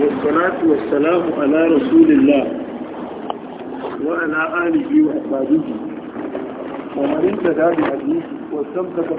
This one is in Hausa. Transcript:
والصلاة والسلام على رسول الله وعلى آله وأصحابه ومن انتدى بهديه واستمسك